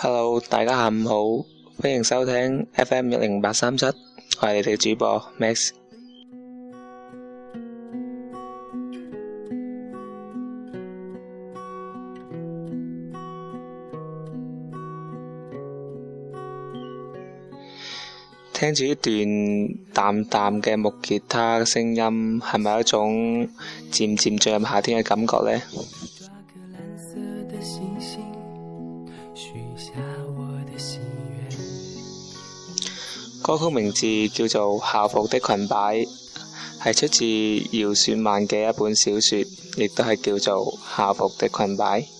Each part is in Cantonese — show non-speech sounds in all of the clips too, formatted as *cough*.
Hello，大家下午好，歡迎收聽 FM 一零八三七，我係你哋主播 Max。聽住呢段淡淡嘅木吉他嘅聲音，係咪一種漸漸進入夏天嘅感覺呢？歌曲名字叫做《校服的裙襬》，係出自饒雪漫嘅一本小說，亦都係叫做《校服的裙襬》。 *music*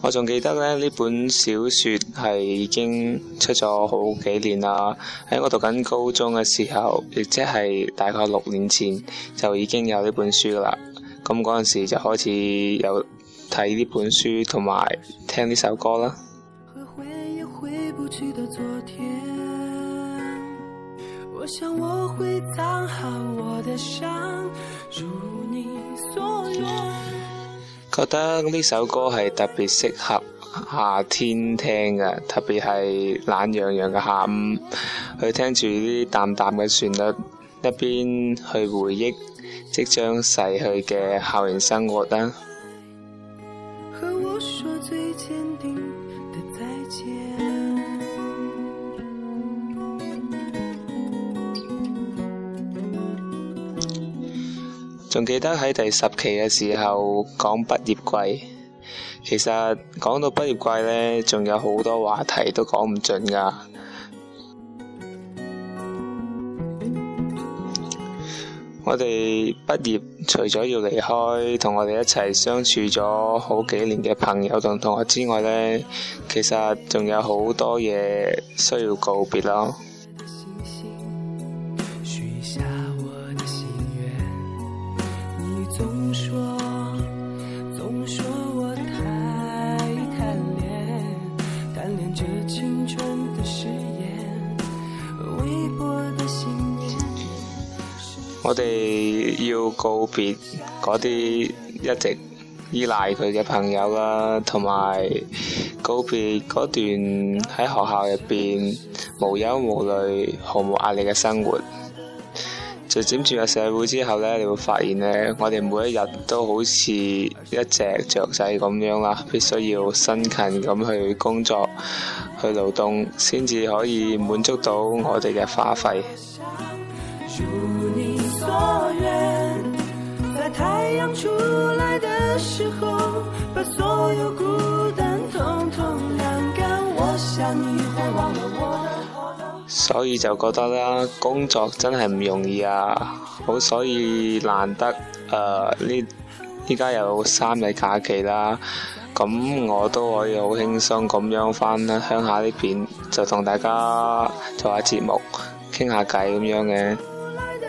我仲記得咧，呢本小說係已經出咗好幾年啦。喺我讀緊高中嘅時候，亦即係大概六年前就已經有呢本書啦。咁嗰陣時就開始有。睇呢本書同埋聽呢首歌啦。 *music* 覺得呢首歌係特別適合夏天聽嘅，特別係懶洋洋嘅下午，去聽住啲淡淡嘅旋律，一邊去回憶即將逝去嘅校園生活啦。仲記得喺第十期嘅時候講畢業季，其實講到畢業季呢，仲有好多話題都講唔盡㗎。我哋畢業除咗要離開同我哋一齊相處咗好幾年嘅朋友同同學之外呢，其實仲有好多嘢需要告別啦。我哋要告別嗰啲一直依賴佢嘅朋友啦，同埋告別嗰段喺學校入邊無憂無慮、毫無壓力嘅生活。就漸漸進入社會之後咧，你會發現咧，我哋每一日都好似一隻雀仔咁樣啦，必須要辛勤咁去工作、去勞動，先至可以滿足到我哋嘅花費。所以就覺得啦，工作真係唔容易啊！好，所以難得誒，呢依家有三日假期啦，咁我都可以好輕鬆咁樣返鄉下呢邊，就同大家做下節目，傾下偈咁樣嘅。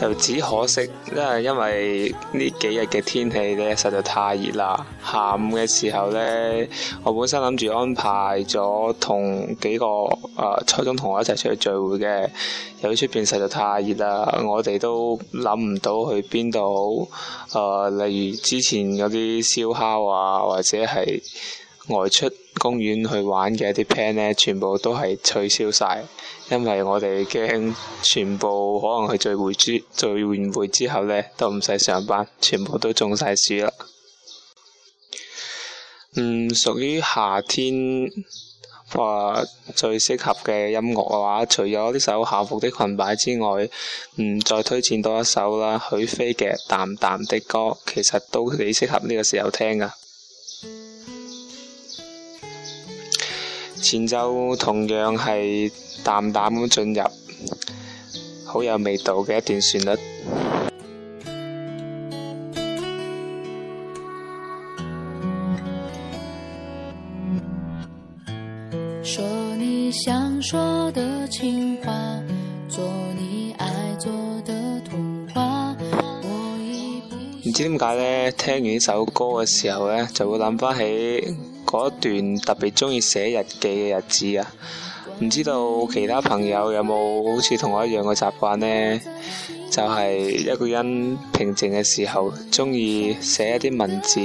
就只可惜，因為因為呢幾日嘅天氣咧，實在太熱啦。下午嘅時候咧，我本身諗住安排咗同幾個誒初、呃、中同學一齊出去聚會嘅，由於出邊實在太熱啦，我哋都諗唔到去邊度誒，例如之前啲燒烤啊，或者係外出。公園去玩嘅啲 plan 呢，全部都係取消晒，因為我哋驚全部可能去聚會之聚完會之後呢，都唔使上班，全部都中晒暑啦。嗯，屬於夏天話最適合嘅音樂嘅話，除咗呢首校服的裙擺之外，嗯，再推薦多一首啦，許飛嘅《淡淡的歌》，其實都幾適合呢個時候聽噶。前奏同樣係淡淡咁進入，好有味道嘅一段旋律。說你想說的情話，做你愛做的童話。唔知點解咧聽完呢首歌嘅時候咧，就會諗返起嗰一段特別鍾意寫日記嘅日子啊，唔知道其他朋友有冇好似同我一樣嘅習慣呢？就係一個人平靜嘅時候，鍾意寫一啲文字，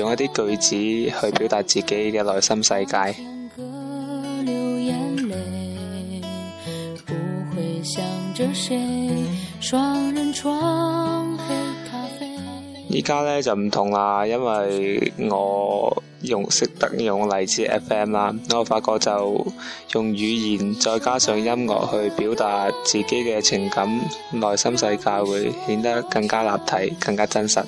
用一啲句子去表達自己嘅內心世界。依家咧就唔同啦，因為我，用識得用荔枝 FM 啦，我發覺就用語言再加上音樂去表達自己嘅情感，內心世界會顯得更加立體，更加真實。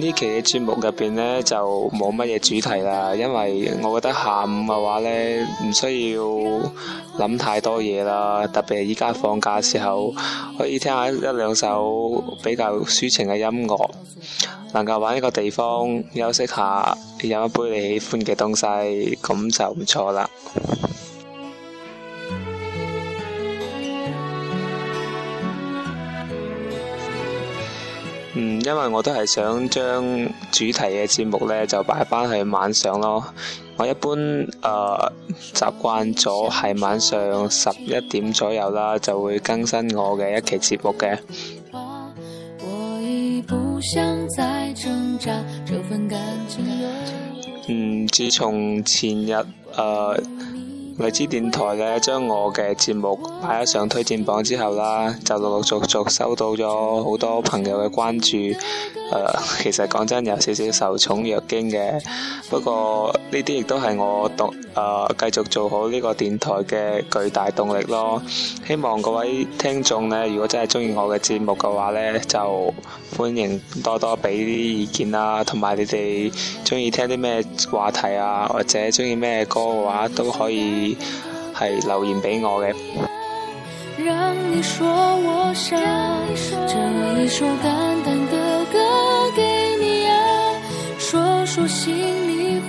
呢期嘅節目入邊呢，就冇乜嘢主題啦，因為我覺得下午嘅話呢，唔需要諗太多嘢啦，特別係依家放假時候，可以聽下一兩首比較抒情嘅音樂，能夠揾一個地方休息下，飲一杯你喜歡嘅東西，咁就唔錯啦。因為我都係想將主題嘅節目呢就擺翻去晚上咯。我一般誒、呃、習慣咗係晚上十一點左右啦，就會更新我嘅一期節目嘅。嗯，自從前日、呃荔枝電台咧，將我嘅節目擺咗上推薦榜之後啦，就陸陸陸續續收到咗好多朋友嘅關注。誒、呃，其實講真有少少受寵若驚嘅，不過呢啲亦都係我讀誒、繼、呃、續做好呢個電台嘅巨大動力咯。希望各位聽眾呢，如果真係中意我嘅節目嘅話呢，就歡迎多多俾啲意見啦。同埋你哋中意聽啲咩話題啊，或者中意咩歌嘅話，都可以係留言俾我嘅。喺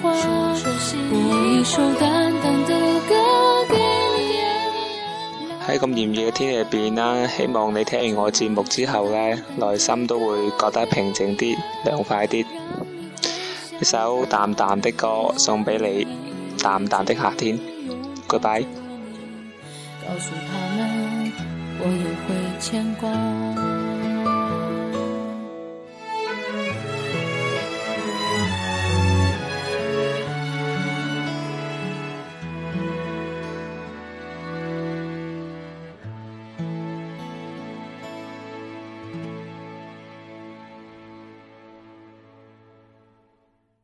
咁炎熱嘅天氣入邊啦，希望你聽完我節目之後呢，內心都會覺得平靜啲、涼快啲。一首淡淡的歌送俾你，淡淡的夏天，goodbye。拜拜。